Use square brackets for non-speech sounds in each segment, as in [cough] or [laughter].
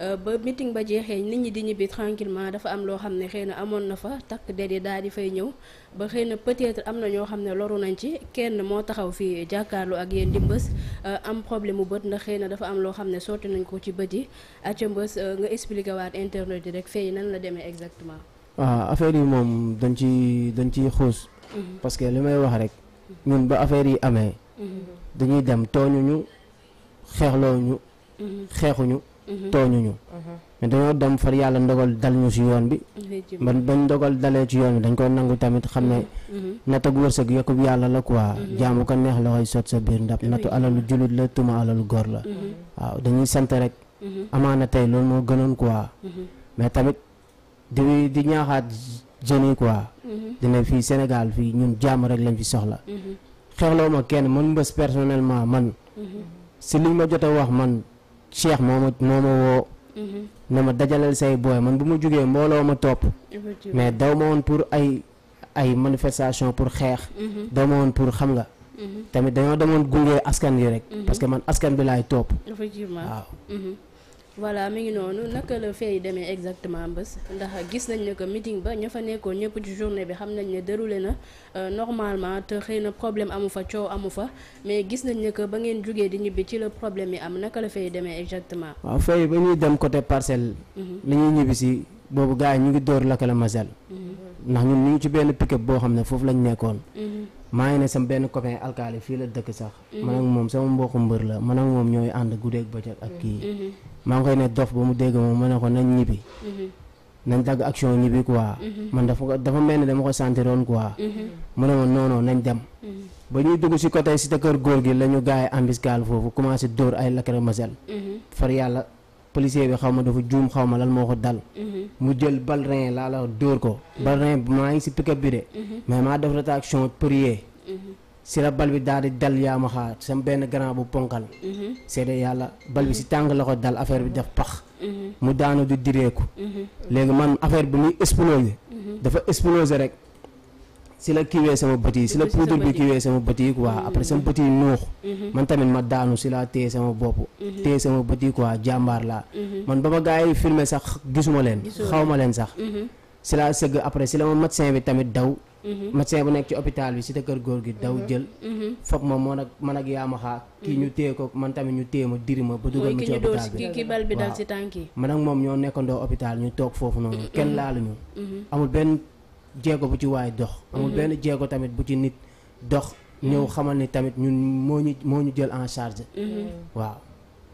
Euh, ba meeting ba jeexee nit ñi di ñibbi tranquillement dafa am loo xam ne xëy na amoon na fa takk der yi daal di fay ñëw ba xëy na peut am na ñoo xam ne loru nañ ci kenn moo taxaw fii jàkkaarloo ak yéen di mbës euh, am problème mu bët ndax xëy na dafa am loo xam ne sotti nañ ko ci bët yi acca mbës euh, nga expliqué waat internet yi rek fay nan la demee exactement. waaw ah, affaire yi moom dañ ci dañ ciy xuus. Mhm. parce que li may wax rek. ñun ba affaire yi amee. Mhm. dañuy dem tooñuñu xeexlooñu. Mhm. xeexuñu. Mhm. tooñuñu mhm. mais dañoo dem far yàlla ndogal dal ñu si yoon bi man bañ ndogal dalee ci yoon bi dañ ko nangu tamit xam ne mhm. natt ak wërsëg yokkub yàlla la quoi jaamu ko neex la koy sot sa biir ndab nattu alalu julit la tuma alalu góor la waaw dañuy sant rek amaana tey loolu moo gënoon quoi mais tamit di di ñaaxaat jeunes yi quoi dina fii Sénégal fii ñun jàmm rek lañ fi soxla xeexloo ma kenn man mbës personnellement man si liñ ma jot a wax man Cheikh moo ma moo ma woo. Mm-hmm. ne ma dajaleel say booy man bu ma jugee mbooloo ma topp. Mm-hmm. mais daw ma woon pour ay ay manifestation pour xeex. Mm-hmm. daw ma woon pour xam nga. tamit dañoo demoon gunge askan yi rek. parce que man askan bi laay topp. waaw. voilà mi ngi noonu naka la fee demee exactement bés ndax gis nañ ne que meeting ba ña fa nekkoon ñëpp ci journée bi xam nañ ne déroulé na euh, normalement te xëy na problème amu fa coow amu fa mais gis nañ ne que ba ngeen jógee di ñibbi ci la problème yi am naka la fee yi demee exactement. waaw fee ba ñuy dem coté parcelle. Mhm. li ñuy ñibbi boobu gars yi ñu ngi dóor Laka la Mazel. Mm-hmm. ndax ñun ñu ngi ci benn pick boo xam ne foofu lañ nekkoon. Mm-hmm. maa ngi ne sama benn copain alkaali fii la dëkk sax. Mm-hmm. man ak moom sama mbokku mbër la man ak moom ñooy ànd guddeeg bëccëg ak kii. maa ngi koy ne dof ba mu dégg moom ma ne ko nañ ñibbi. nañ dagg action ñibbi quoi. man dafa ko dafa mel ni dama ko sentiroon quoi. mu ne ma noonoo non nañ dem. ba ñuy dugg si côté si kër góor gi la ñu gars yi embuscade foofu commencé dóor ay Laka la Mazel. far yàlla. policier bi xaw ma dafa juum xaw ma lan moo ko dal. Mhm. mu jël balrin laa la dóor ko. Mhm. balrin bi maa ngi si pick bi de. Mhm. mais maa def rétraction prier. si la bal bi daal di dal yaa ma xaar sama benn grand bu ponkal. seede yàlla bal bi si tàng la ko dal affaire bi def pax. mu daanu du direeku. léegi man affaire bi muy exploser. dafa exploser rek. si la kiiwee sama bët yi si la poudre bi kiiwee sama bët yi quoi mm-hmm. après sama bët yi nuux mm-hmm. man tamit ma daanu si laa téye sama bopp mm-hmm. téye sama bët yi quoi jàmbaar laa man ba ma gars yi filmé sax gisuma leen xaw ma leen sax si laa sëgg après si la ma médecin bi tamit daw médecin bu nekk ci hôpital bi si te kër góor gi daw jël foog ma man ak man ak yaa ma xaar kii ñu téye ko man tamit ñu téye ma diri ma ba dugal ma ci hôpital bi ki bal tànk yi man ak moom ñoo nekkandoo hôpital ñu toog foofu noonu kenn laaluñu amul benn jéego bu ci waay dox amul mm-hmm. benn jéego tamit bu ci nit dox ñëw mm-hmm. xamal ni tamit ñun moo ñu moo ñu jël en charge mm-hmm. waaw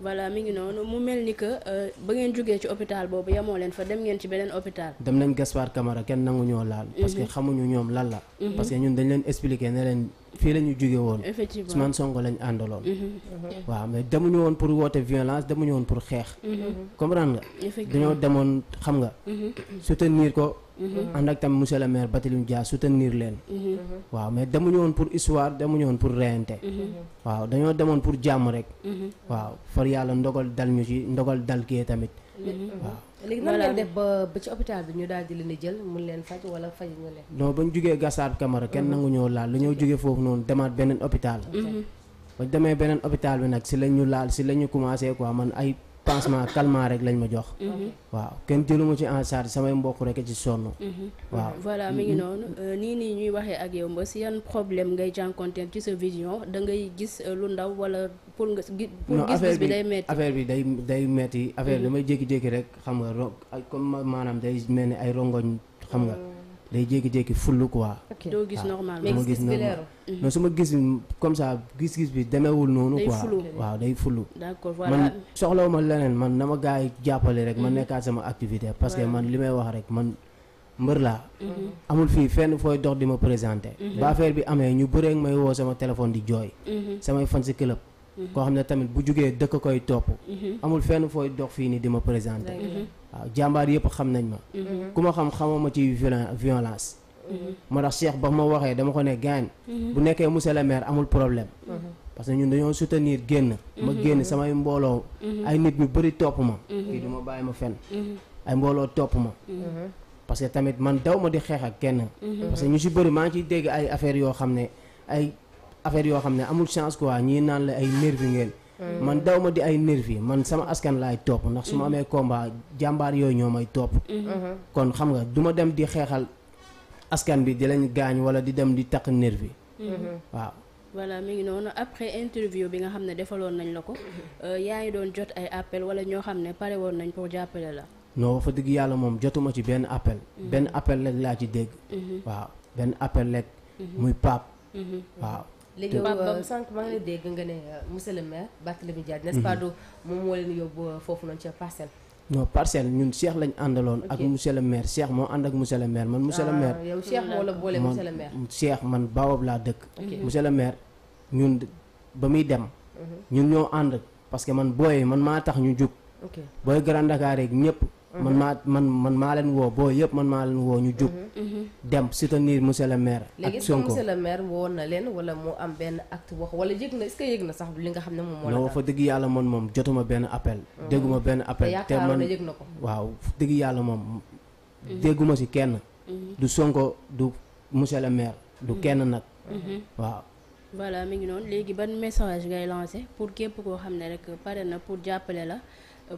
voilà mi ngi noonu mu mel ni que euh, ba ngeen jógee ci hôpital boobu yamoo leen fa dem ngeen ci beneen hôpital dem nañ Gaspard Camara kenn nangu ñoo laal parce que xamuñu ñoom lan la parce que ñun dañ leen expliqué ne leen fii la ñu jóge woon effectivement Ousmane songo lañ àndaloon waaw mais demuñu woon pour woote violence demuñu woon pour xeex comprendre nga dañoo demoon xam nga Mhm. ànd ak tamit monsieur le maire Barthélémy Dias soutenir leen mhm. Mhm. waaw mais demuñu woon pour histoire demuñu woon pour reyante waaw dañoo demoon pour jàmm rek waaw far yàlla ndogal dal ñu ci ndogal dal kee tamit waaw euh, léegi nan def ba ci hôpital bi ñu daal di leen di jël mun leen faj wala faj ñu leen non ba ñu jógee Gassar Camara kenn nangu ñoo laal lu ñoo jógee foofu noonu demaat beneen hôpital ba demee beneen hôpital bi nag si la laal si la ñu commencé quoi pansement calmant rek lañ ma jox. Mhm. waaw kenn jëluma ci en charge samay mbokk rek ci sonn. Mhm. waaw voilà mi ngi noonu euh, nii nii ñuy waxee ak yow Mbeuss yan problème ngay jànkonteel ci sa vision da ngay gis euh, lu ndaw wala pour nga. pour gis-gis bi day metti affaire bi day day metti affaire bi mhm. damay jékki-jékki rek xam nga ro comme maanaam day mel ni ay rongoñ xam nga. Mm. day jékki-jékki full quoi. ok doo gis normal ma gis bi leeru mm-hmm. su ma gis comme ça gis-gis bi demeewul noonu. quoi waaw day full. d'accord voilà man soxlawu ma leneen man na ma gars yi jàppale rek ma mm-hmm. nekkaat sama activité. parce que man li may wax rek man mbër laa. Mm-hmm. amul fii fenn fooy dox di ma présenter. ba bi amee ñu bëree may woo sama téléphone di jooy. samay fan si club. koo xam ne tamit bu jugee dëkk koy topp. amul fenn fooy dox fii nii di ma présenté waaw jàmbaar yëpp xam nañ ma. Mhm. ku ma xam xamuma ci violence. ma mhm. tax Cheikh ba ma waxee dama ko ne gaañ. Mhm. bu nekkee monsieur le maire amul problème. parce que ñun dañoo soutenir génn. ma génn samay mbooloo. ay nit ñu bëri topp ma. kii du ma bàyyi ma fenn. ay mbooloo topp ma. parce que tamit man daw ma di xeex ak kenn. parce que ñu si bëri maa ngi ciy dégg ay affaires yoo xam ne ay affaires yoo xam ne amul chance quoi ñii naan la ay nervi ngeen. man daw ma di ay nervi man sama askan laay topp ndax su ma amee combat jàmbaar yooyu ñoo may topp. kon xam nga du ma dem di xeexal askan bi di lañ gaañ wala di dem di takk nervi waaw. voilà mi ngi noonu après interview bi nga xam ne defaloon nañ la ko euh, yaa ngi doon jot ay appel wala ñoo xam ne pare woon nañ pour jàppale la. non fa dëgg yàlla moom jotuma ci benn appel. Mhm. benn appel la laa ci dégg. Mhm. waaw benn appel rek. Mhm. muy paap. waaw. léegi yow euh, sànq maa ngi lay dégg nga ne euh, monsieur le maire Barthélémy Dias n'est-ce pas mhm. du moom moo leen yóbbu euh, foofu noonu ca parcelle non parcelle ñun Cheikh lañ àndaloon ak monsieur le maire Cheikh moo ànd ak monsieur le maire man monsieur le ah, maire yow Cheikh moo la boole monsieur le maire man Baobab laa dëkk monsieur le maire ñun ba muy dem mhm. ñun ñoo ànd parce que man booy man maa tax ñu jug booy Grand Dakar yeeg man mhm. maa man maa leen woo booy yëpp man maa leen woo ñu jug dem soutenir monsieur le maire. ak Sonko léegi monsieur le maire woo na leen wala moo am benn acte wax wala yëg na est-ce yëg na sax li nga xam ne moom moo la. non fa dëgg yàlla man moom jotuma benn appel. Mm. dégguma benn appel te man yëg na dëgg yàlla moom. Mm-hmm. dégguma si kenn. Mm-hmm. du Sonko du monsieur le maire. du mm-hmm. kenn nag. waaw. voilà mi ngi noonu léegi ban message ngay lancé pour képp koo xam ne rek pare na pour jàppale la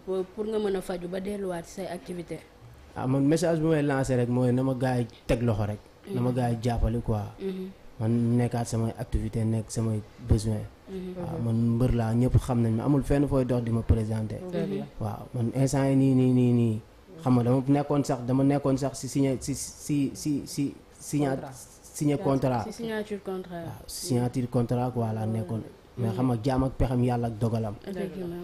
pour nga mën a faju ba delluwaat say activité ah man message bi may lancé rek mooy na ma gars yi teg loxo rek. Mm-hmm. na ma gars yi jàppale quoi. Mm-hmm. man nekkaat samay activité nekk samay besoin waaw mm-hmm. ah, man mbër laa ñëpp xam nañ ma amul fenn fooy dox di ma présenté waaw man instant yi nii nii nii nii xam nga dama nekkoon sax dama nekkoon sax si signé si si si si signé signé contrat waaw ah, signature contrat quoi laa nekkoon mais xam nga jaam ak pexam yàlla ak dogalam.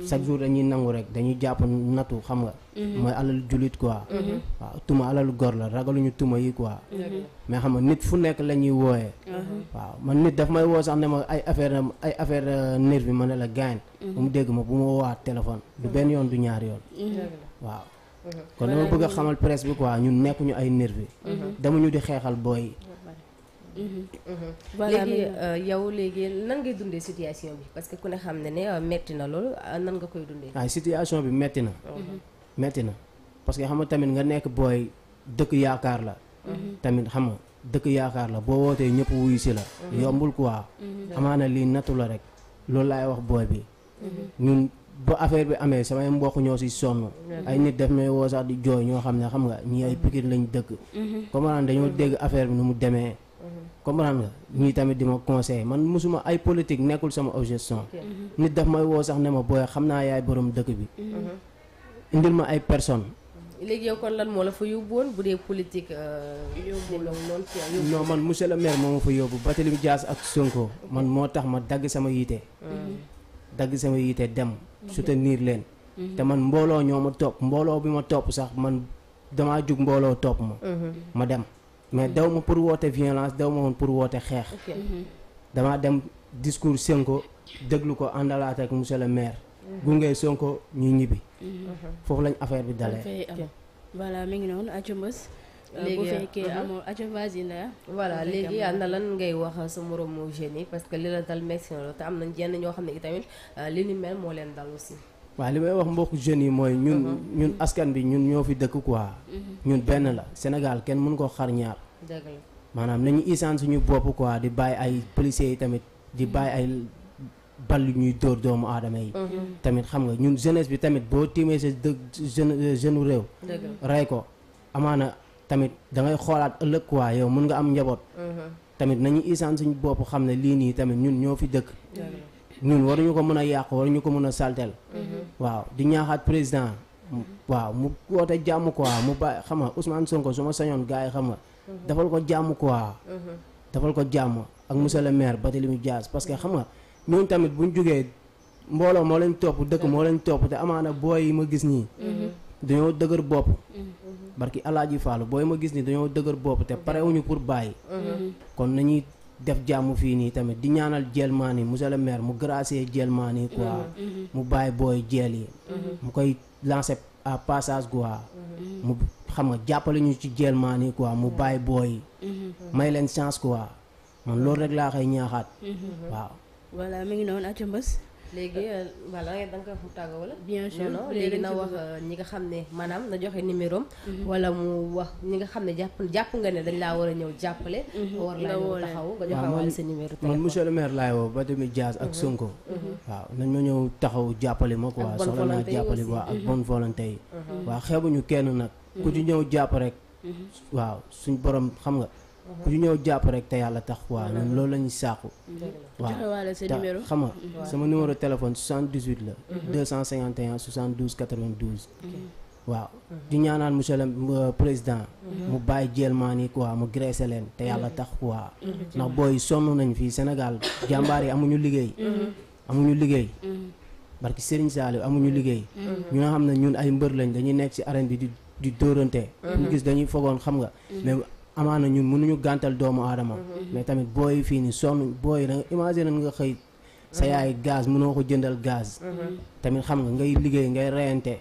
chaque jour dañuy nangu rek dañuy jàpp nattu xam nga. Mhm. mooy alal jullit quoi. Mhm. waaw tuma alalu gor la ragaluñu tuma yi quoi. mais xam nga nit fu nekk la ñuy wooyee. Mhm. waaw man nit daf may woo sax ne ma ay affaire ay affaire euh, nervi ma ne la gaañ. bu mu dégg ma bu ma woowaat téléphone du benn yoon du ñaar yoon. waaw kon dama bëgg a xamal presse bi quoi ñun nekkuñu ay nervi. demuñu di xeexal booy Mhm. voilà léegi euh, yow léegi nan ngay dundee situation bi parce que ku ne xam ne ne euh, metti na loolu euh, nan nga koy dundee. waaw ah, situation bi metti na. Mhm. Mhm. metti na parce que xam nga tamit nga nekk booy dëkk yaakaar la. tamit xam nga dëkk yaakaar la boo wootee ñëpp wuyu la. yombul quoi. amaana lii nattu rek loolu laay wax booy bi. ñun affaire bi amee samay mbokk ñoo si sonn. ay jooy ñoo xam ne xam nga ñi ay pikir lañ dëkk. comme dañoo dégg affaire bi nu mu demee. comprendre nga ñii tamit di ma conseiller man mosuma ay politique nekkul sama objection mhm. nit daf may woo sax ne ma booy xam naa yaay boroom dëkk bi mhm. indil ma ay personnes léegi yow lan moo la fa yóbbu woon bu dee politique euh, yóbbu la noonu non man monsieur le maire moo ma fa yóbbu Barthélémy Dias ak Sonko man moo tax ma dagg sama yiite mhm. dagg sama yiite dem niir leen te man mbooloo ñoo ma topp mbooloo bi ma topp sax man damaa jug mbooloo topp ma ma dem mais daw ma pour woote violence daw ma woon pour woote xeex mhm. damaa dem discours Sonko déglu ko àndalaat ak monsieur le maire mhm. gunge Sonko ñu ñibbi mhm. foofu lañ affaire bi dalee voilà mi ngi noonu aco mbës euh, léegi bu fekkee amoo aco vas-y Ndeye voilà léegi na lan ngay wax sa moromu jeunes yi parce que li la dal médecin la te am nañ jenn ñoo xam ne itamit euh, li ni mel moo leen dal aussi waa li may wax mbokk jeunes yi mooy ñun uh-huh. ñun askan bi ñun ñoo fi dëkk quoi uh-huh. ñun benn la Sénégal kenn mun koo xar ñaar maanaam nañu isaan suñu bopp quoi di bàyyi ay policiers yi tamit di uh-huh. bàyyi ay bal ñuy dóor doomu aadama yi tamit xam nga ñun jeunesse bi tamit boo tiimee sa dëkk jeune jeune réew rey ko amaana tamit da ngay xoolaat ëllëg quoi yow mun nga am njaboot tamit nañu isaan suñu bopp xam ne lii nii tamit ñun ñoo fi dëkk ñun ñu ko mën a yàq ñu ko mën a saltel mm-hmm. waaw di ñaaxaat président waaw mu woote jàmm quoi mu bàyyi xam nga Ousmane Sonko su ma sañoon gars yi xam nga mm-hmm. defal ko jàmm quoi mm-hmm. defal ko jàmm ak monsieur le maire Barthélémy Dias parce que xam nga ñooñu tamit bu ñu jógee mbooloo moo leen topp dëkk moo leen topp te amaana booy yi ma gis nii dañoo dëgër bopp barki ji Faalu booy ma gis nii dañoo dëgër bopp te parewuñu pour bàyyi kon nañuy def jàmm fii nii tamit di ñaanal jelmaan yi monsieur le maire mu gracier jelmaan yi quoi mm-hmm. Mm-hmm. mu bàyyi booy jeel yi mm-hmm. mu koy lancer à passage quoi mu xam nga jàppale ñu ci jelmaan yi quoi mu bàyyi booy may leen chance quoi man loolu rek laa koy ñaaxaat waaw voilà mi ngi noonu Atia Mbës léegi euh, voilà da nga koy wax mu tàggoo wala. bien sûr non léegi na wax euh, ñi nga xam ne maanaam na joxe numéro mhm. wala mu wax ñi nga xam ne jàpp jàpp nga ne dañ laa war a ñëw jàppale. Mhm. war laa ñëw taxaw nga joxe wala sa numéro. man monsieur le maire laay woo Barthélémy Dias ak mhm. Sonko. waaw nañ ma ñëw taxaw jàppale ma quoi soxla naa jàppale waa ak bonne volonté yi. waaw xeebuñu kenn nag. ku ñëw jàpp rek. waaw suñ borom xam nga. ku ñu ñëw jàpp rek te yàlla tax waaw ñun loolu la ñuy saaku waaw xam nga sama numéro téléphone 78 la 251 72 92 waaw mhm. di ñaanal monsieur le euh, président mhm. mu bàyyi jëlmaa ni quoi mu graissé leen te yàlla mhm. tax quoi ndax booy sonn nañ fii Sénégal jàmbaar yi amuñu liggéey amuñu liggéey barki Serigne Saliou amuñu liggéey ñu nga xam ne ñun ay mbër lañ dañuy nekk ci arène bi di di dóorante gis dañuy fogoon xam nga amaana ñun mënuñu gantal doomu aadama mm-hmm. Mm-hmm. mais tamit booy fii ni sonn booy da nga imaginer nga xëy sa mm-hmm. yaay gaz mënoo ko jëndal gaz tamit xam nga ngay liggéey ngay reyante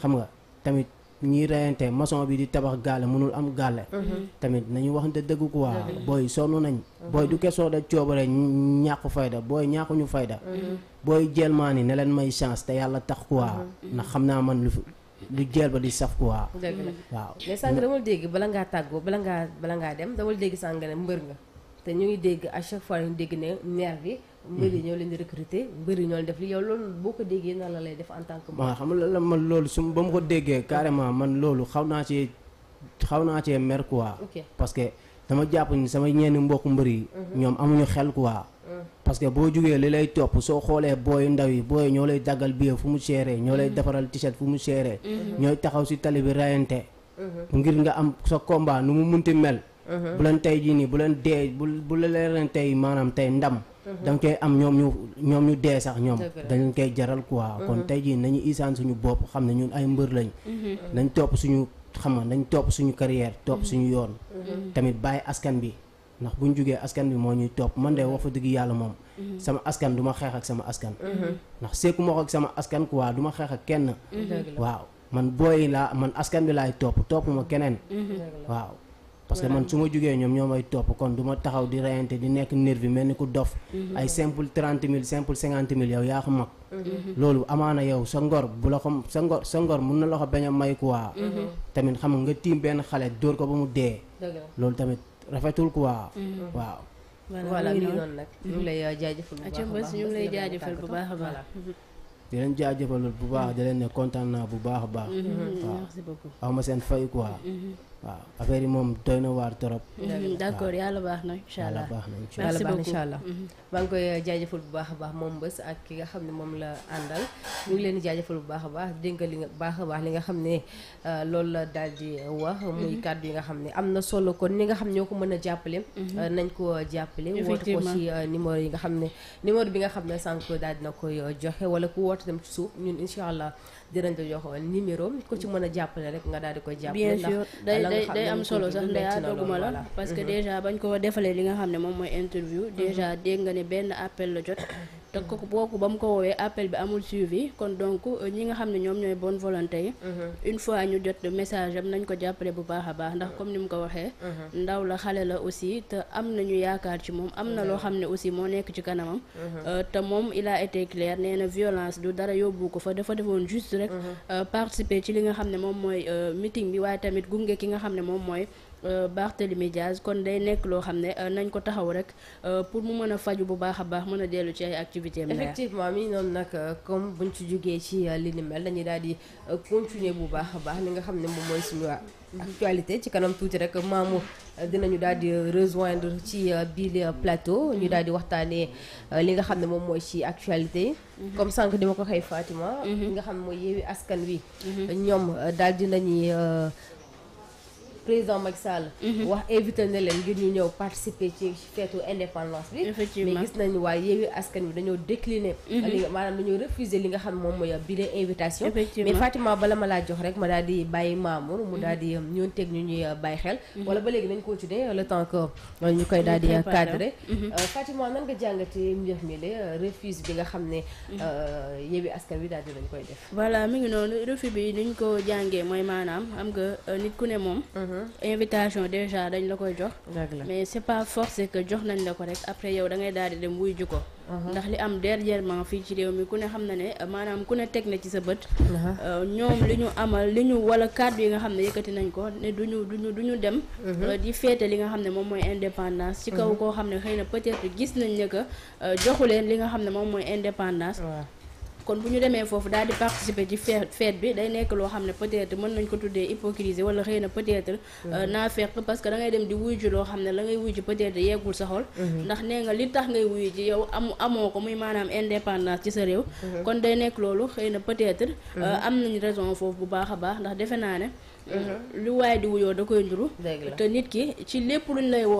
xam nga tamit ñuy reyante maçon bi di tabax gaale mënul am gaale tamit nañu waxante dëgg quoi booy sonn nañ booy du kesoo da coobare ñàkku fayda booy ñàkkuñu fayda booy jelmaani ne leen may chance te yàlla tax quoi ndax xam naa man lu fi lu jël ba di saf quoi. dëgg la waaw. mais sànq dama dégg bala ngaa tàggoo bala ngaa bala ngaa dem dama dégg sànq ne mbër nga te ñu ngi dégg à chaque fois ñu dégg ne nerf bi. mbër yi mm-hmm. ñoo leen di recruter mbër yi ñoo leen def li yow loolu boo ko déggee nan la lay def en tant que. waaw xam nga la man loolu su ba mu ko déggee carrément man loolu xaw naa cee xaw naa cee mer quoi. parce que dama jàpp ni sama ñeen mbokk mbër yi. Mm-hmm. ñoom amuñu xel quoi. Mm. parce que boo jugee li lay topp soo xoolee booy ndaw yi booy ñoo lay daggal billet fu mu seeree ñoo lay mm-hmm. defaral t-shirt fu mu seeree mm-hmm. ñooy taxaw si tali bi rayante mm-hmm. ngir nga am sa combat nu mu munti mel bu leen tey jii nii bu leen dee bu bu leen tey maanaam tey ndam danga koy am ñoom ñu ñoom ñu dee sax ñoom dañ koy jaral quoi kon tey jii nañu isaan suñu bopp xam ne ñun ay mbër lañ nañ topp suñu xam nga nañ topp suñu carrière topp suñu yoon tamit bàyyi askan bi ndax bu ñu jugee askan bi moo ñuy topp man de wax fa dëgg yàlla moom. Mhm. sama askan du ma xeex ak sama askan. Mhm. ndax seeku ma ak sama askan quoi du ma xeex ak kenn. Mhm. waaw man booy laa man askan bi laay topp topp ma keneen. waaw parce que man su ma jugee ñoom ñoo may topp kon duma taxaw di reyante di nekk nervi mel ni ku dof. ay simple trente mille simple cinquante mille yow yaa ko mag. loolu amaana yow sa ngor bu la ko sa ngor sa ngor mun na loxo ko bañ a may quoi. tamit xam nga nga benn xale dóor ko mu dee. loolu rafetul quoi. Mm-hmm. waaw. voilà mi ngi noonu nag lay uh, jaajëfal bu baax a baax ñu ngi lay bu baax a mm-hmm. di leen jaajëfal bu baax di leen ne kontaan bu baax a baax. Mm-hmm. waaw merci seen fay quoi. waaw affaire yi moom doy na waar trop. d' accord yàlla baax na incha allah yàlla baax na incha allah. Mm-hmm. maa ngi koy uh, jaajëfal bu baax a baax moom bés ak ki nga xam ne moom la àndal mu ngi leen di jaajëfal bu baax a baax dégg li nga baax baax li nga xam ne uh, loolu la daal di wax. Mm-hmm. muy kàddu yi nga xam ne am na solo kon ni nga xam ñoo ko mën a jàppale. Uh, mm-hmm. nañ ko jàppale. woote ko ci numéro yi nga xam ne numéro bi nga xam ne sànq daal dina koy joxe wala ku woote dem ci ñun incha allah dinañ la jox numéro ko ci mën a jàppale rek nga daal di koy jàppale. la nga xam day am solo sax ndeya doguma la parce que mm-hmm. déjà bañ koo defalee li nga xam ne moom mooy interview mm-hmm. déjà dégg nga ne benn appel la jot [coughs] te kooku ba mu ko woowee appel bi amul suivi kon donc euh, ñi nga xam ne ñoom ñooy bon volonté yi mhm. une fois ñu jot message am nañ ko jàppale bu baax a baax ndax comme ni mu ko waxee mhm. ndaw la xale la aussi te am nañu yaakaar ci moom am na mhm. loo xam ne aussi moo nekk ci kanamam euh, te moom il a été clair nee na violence du dara yóbbu ko fa dafa defoon juste rek euh, participer ci li nga xam ne moom mooy meeting bi waaye tamit gunge ki nga xam ne moom mooy Euh, Barthélemy Diaz kon day nekk loo xam ne euh, nañ ko taxaw rek euh, pour mu mën a faju bu baax a baax mën a dellu ci ay activités am effectivement mi noonu nag comme buñ ci jógee ci li ni mel dañuy daal di continuer bu baax a baax li nga xam ne moom mooy suñu actualité ci kanam tuuti rek maamu dinañu daal di rejoindre ci biir plateau ñu daal di waxtaanee li nga xam ne moom mooy ci actualité mhm. comme sànq dima ko xëy Fatima. Mhm. li nga xam ne mooy yeewi askan wi mhm. ñoom daal di nañuy président Macky Sall. Mhm. wax invité na leen ngir ñu ñëw participer ci feetu indépendance bi. effectivement gis nañu waaye Yewwi Askan mhm. li nga maanaam dañoo bi de ma laa jox rek di bàyyi Mamour mu mhm. daal di um, ñoon teg ñu ñuy uh, bàyyi xel. wala ba léegi nañ continuer uh, le temps que uh, ñu koy daal di cadrer. Fatima nan nga jàngatee mbir de refuse bi nga xam ne. Yewwi Askan Wi daal di lañ koy def. voilà mi ngi noonu refus bi niñ ko jàngee mooy maanaam am nga nit ku ne moom. Mm-hmm. invitation déjà dañ la koy jox. mais c'est pas forcé que jox nañ la ko rek après yow da ngay daal di dem wuy ji ko. Mm-hmm. ndax li am der dernièrement fii ci réew mi ku ne xam na ne maanaam ku ne teg na ci sa bët. Mm-hmm. Euh, ñoom li ñu amal li ñu wala kàddu yi nga xam ne yëkkati nañ ko ne du ñu du ñu du ñu dem. Euh, di féete li nga xam ne moom mooy indépendance. ci kaw koo xam ne xëy na peut gis nañ ne que euh, joxu leen li nga xam ne moom mooy indépendance. kon bu ñu demee foofu daal di participer ci fête bi day nekk loo xam ne peut-être mën nañ ko tuddee hypocrisie wala xëy na peut-être euh, mm-hmm. naa fekk parce que da ngay dem di wuy ji loo xam ne la ngay wuy ji peut-être yeggul sa xol mm-hmm. ndax nee nga li tax ngay wuy ji yow am amoo ko muy maanaam indépendance ci sa réew mm-hmm. kon day nekk loolu xëy na peut-être euh, am nañ raison foofu bu baax a baax ndax defe naa ne euh, lu waaye di wuyoo da koy njuru te nit ki ci lépp luñ lay woo